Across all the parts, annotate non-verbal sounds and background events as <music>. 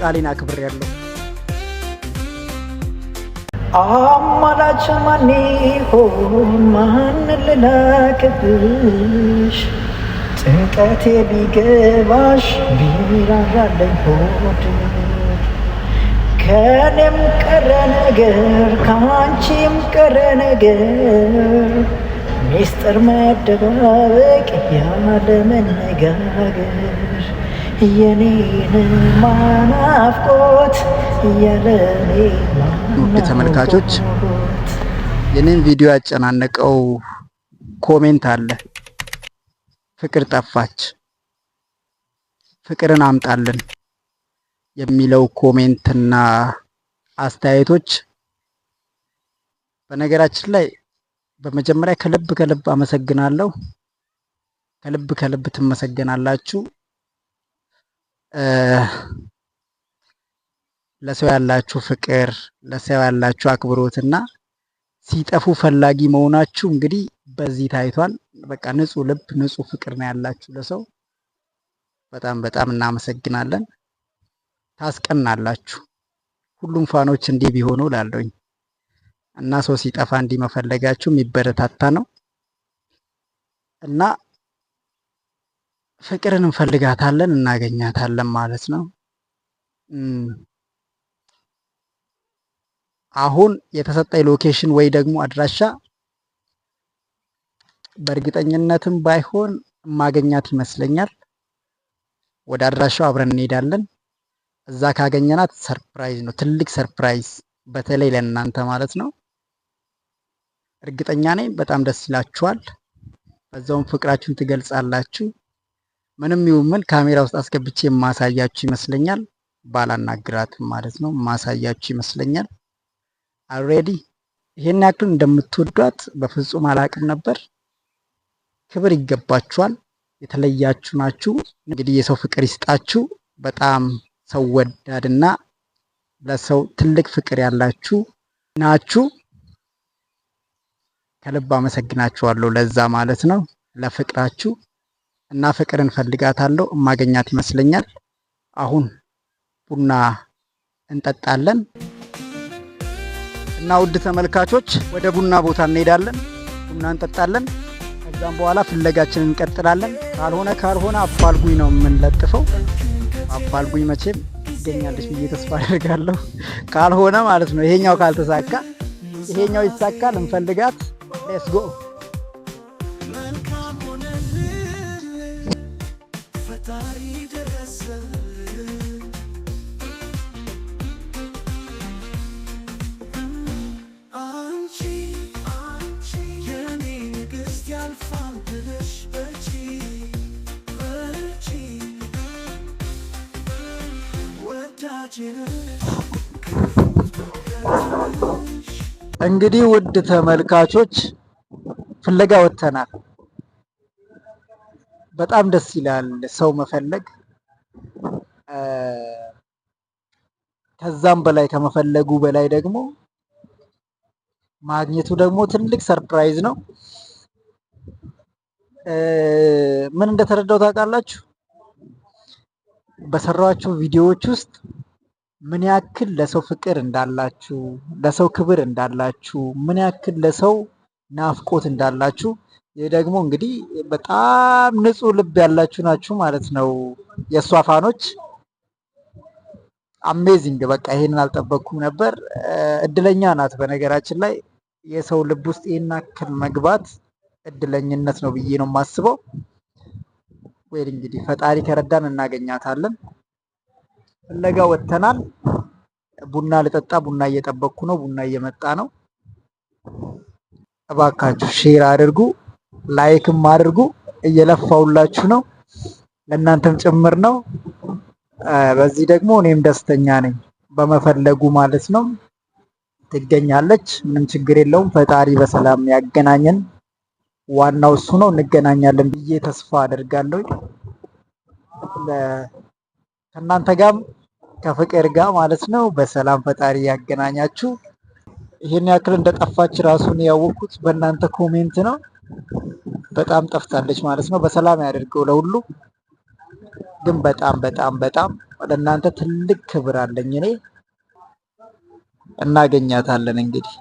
ቃሌን አክብር ያለው አማላጅ ማን ይሆን ማን ልላክብሽ ጭንቀቴ ቢገባሽ ቢራራለኝ ሆድ ከኔም ቀረ ነገር ከአንቺም ቀረ ነገር ሚስጥር መደባበቅ ያለ መነጋገር ውድ ተመልካቾች የኔን ቪዲዮ ያጨናነቀው ኮሜንት አለ። ፍቅር ጠፋች፣ ፍቅርን አምጣልን የሚለው ኮሜንትና አስተያየቶች በነገራችን ላይ በመጀመሪያ ከልብ ከልብ አመሰግናለሁ። ከልብ ከልብ ትመሰገናላችሁ። ለሰው ያላችሁ ፍቅር፣ ለሰው ያላችሁ አክብሮትና ሲጠፉ ፈላጊ መሆናችሁ እንግዲህ በዚህ ታይቷል። በቃ ንጹህ ልብ፣ ንጹህ ፍቅር ነው ያላችሁ ለሰው። በጣም በጣም እናመሰግናለን። ታስቀናላችሁ። ሁሉም ፋኖች እንዲህ ቢሆኑ ላለኝ እና ሰው ሲጠፋ እንዲህ መፈለጋችሁ የሚበረታታ ነው እና ፍቅርን እንፈልጋታለን እናገኛታለን ማለት ነው። አሁን የተሰጠኝ ሎኬሽን ወይ ደግሞ አድራሻ በእርግጠኝነትም ባይሆን ማገኛት ይመስለኛል። ወደ አድራሻው አብረን እንሄዳለን። እዛ ካገኘናት ሰርፕራይዝ ነው፣ ትልቅ ሰርፕራይዝ በተለይ ለእናንተ ማለት ነው። እርግጠኛ ነኝ በጣም ደስ ይላችኋል። በዛውም ፍቅራችሁን ትገልጻላችሁ። ምንም ይሁን ምን ካሜራ ውስጥ አስገብቼ የማሳያችሁ ይመስለኛል። ባላናግራትም ማለት ነው ማሳያችሁ ይመስለኛል። አልሬዲ ይሄን ያክል እንደምትወዷት በፍጹም አላቅም ነበር። ክብር ይገባችኋል። የተለያችሁ ናችሁ። እንግዲህ የሰው ፍቅር ይስጣችሁ። በጣም ሰው ወዳድና ለሰው ትልቅ ፍቅር ያላችሁ ናችሁ። ከልብ አመሰግናችኋለሁ። ለዛ ማለት ነው ለፍቅራችሁ እና ፍቅርን ፈልጋታለሁ እማገኛት ይመስለኛል። አሁን ቡና እንጠጣለን እና ውድ ተመልካቾች ወደ ቡና ቦታ እንሄዳለን፣ ቡና እንጠጣለን። ከዛም በኋላ ፍለጋችንን እንቀጥላለን። ካልሆነ ካልሆነ አፋልጉኝ ነው የምንለጥፈው። አፋልጉኝ መቼም ይገኛለች ብዬ ተስፋ አደርጋለሁ። ካልሆነ ማለት ነው ይሄኛው ካልተሳካ ይሄኛው ይሳካል። እንፈልጋት ሌስ ጎ እንግዲህ ውድ ተመልካቾች ፍለጋ ወጥተናል። በጣም ደስ ይላል ሰው መፈለግ። ከዛም በላይ ከመፈለጉ በላይ ደግሞ ማግኘቱ ደግሞ ትልቅ ሰርፕራይዝ ነው። ምን እንደተረዳው ታውቃላችሁ? በሰራችሁ ቪዲዮዎች ውስጥ ምን ያክል ለሰው ፍቅር እንዳላችሁ ለሰው ክብር እንዳላችሁ ምን ያክል ለሰው ናፍቆት እንዳላችሁ ይህ ደግሞ እንግዲህ በጣም ንጹህ ልብ ያላችሁ ናችሁ ማለት ነው። የእሷ ፋኖች አሜዚንግ በቃ ይሄንን አልጠበቅኩም ነበር። እድለኛ ናት። በነገራችን ላይ የሰው ልብ ውስጥ ይህን አክል መግባት እድለኝነት ነው ብዬ ነው የማስበው። ወይ እንግዲህ ፈጣሪ ከረዳን እናገኛታለን። ፍለጋ ወጥተናል። ቡና ልጠጣ፣ ቡና እየጠበቅኩ ነው። ቡና እየመጣ ነው። እባካችሁ ሼር አድርጉ፣ ላይክም አድርጉ። እየለፋውላችሁ ነው፣ ለእናንተም ጭምር ነው። በዚህ ደግሞ እኔም ደስተኛ ነኝ፣ በመፈለጉ ማለት ነው። ትገኛለች፣ ምንም ችግር የለውም። ፈጣሪ በሰላም ያገናኘን፣ ዋናው እሱ ነው። እንገናኛለን ብዬ ተስፋ አድርጋለሁ ከእናንተ ጋርም ከፍቅር ጋር ማለት ነው። በሰላም ፈጣሪ ያገናኛችሁ። ይህን ያክል እንደጠፋች ራሱን ያወቅኩት በእናንተ ኮሜንት ነው። በጣም ጠፍታለች ማለት ነው። በሰላም ያደርገው ለሁሉ። ግን በጣም በጣም በጣም ለእናንተ ትልቅ ክብር አለኝ እኔ። እናገኛታለን እንግዲህ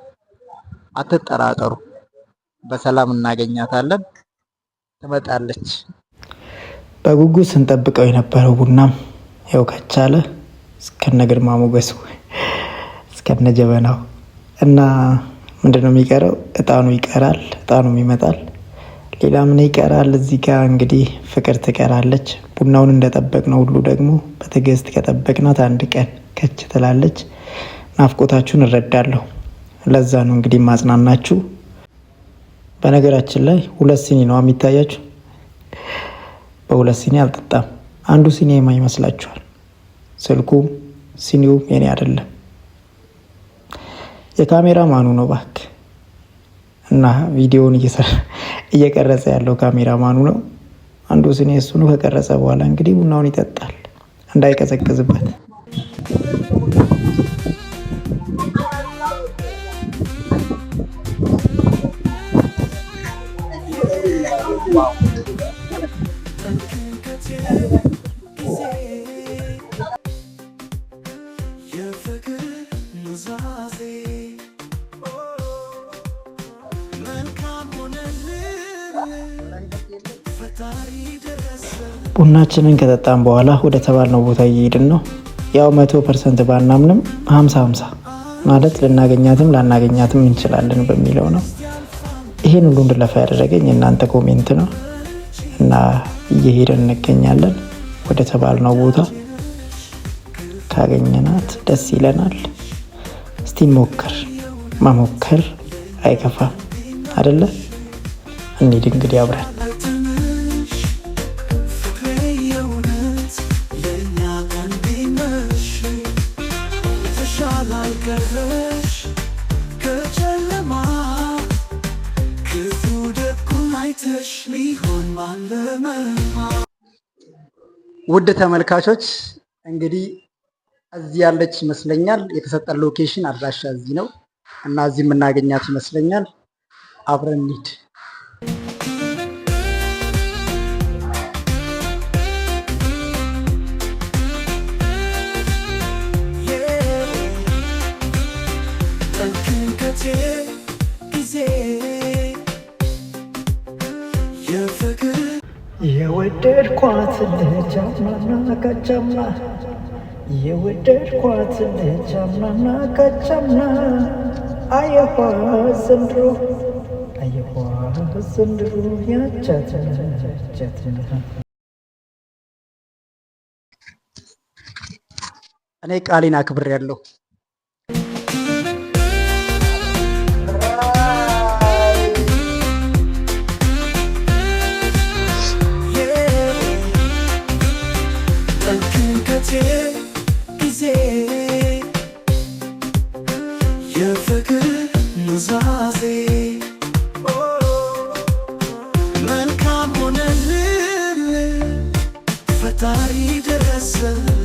አትጠራጠሩ። በሰላም እናገኛታለን። ትመጣለች። በጉጉት ስንጠብቀው የነበረው ቡናም ያው ከቻለ እስከነ ግርማ ሞገሱ እስከነ ጀበናው እና ምንድነው የሚቀረው? እጣኑ ይቀራል፣ እጣኑም ይመጣል። ሌላ ምን ይቀራል? እዚህ ጋር እንግዲህ ፍቅር ትቀራለች። ቡናውን እንደጠበቅነው ሁሉ ደግሞ በትዕግስት ከጠበቅናት አንድ ቀን ከች ትላለች። ናፍቆታችሁን እረዳለሁ። ለዛ ነው እንግዲህ ማጽናናችሁ። በነገራችን ላይ ሁለት ሲኒ ነው የሚታያችሁ። በሁለት ሲኒ አልጠጣም። አንዱ ሲኒ የማ ይመስላችኋል? ስልኩ ሲኒው የኔ አይደለም፣ የካሜራ ማኑ ነው ባክ እና ቪዲዮውን <laughs> እየቀረጸ ያለው ካሜራ ማኑ ነው። አንዱ ስኒ እሱ ነው። ከቀረጸ በኋላ እንግዲህ ቡናውን ይጠጣል እንዳይቀዘቅዝበት ቡናችንን ከጠጣም በኋላ ወደ ተባልነው ቦታ እየሄድን ነው። ያው መቶ ፐርሰንት ባናምንም ሀምሳ ሀምሳ ማለት ልናገኛትም ላናገኛትም እንችላለን በሚለው ነው። ይሄን ሁሉ እንድለፋ ያደረገኝ እናንተ ኮሜንት ነው እና እየሄደን እንገኛለን ወደ ተባልነው ቦታ። ካገኘናት ደስ ይለናል። እስቲ ሞከር መሞከር አይከፋም አደለ? እንሂድ እንግዲህ አብረን ውድ ተመልካቾች እንግዲህ እዚህ ያለች ይመስለኛል። የተሰጠን ሎኬሽን አድራሻ እዚህ ነው እና እዚህ የምናገኛት ይመስለኛል። አብረን እንሂድ። ልጃምናና ካቻምና የወደድኳት ልጃምናና ካቻምና አየኋ ዘንድሮ አየኋ ዘንድሮ ያቻትን ያቻትን እኔ ቃሌን አክብሬያለሁ። ትእዛዜ መልካም ሆነልን ፈጣሪ ደረሰልን።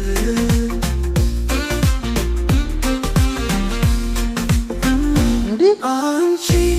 አንቺ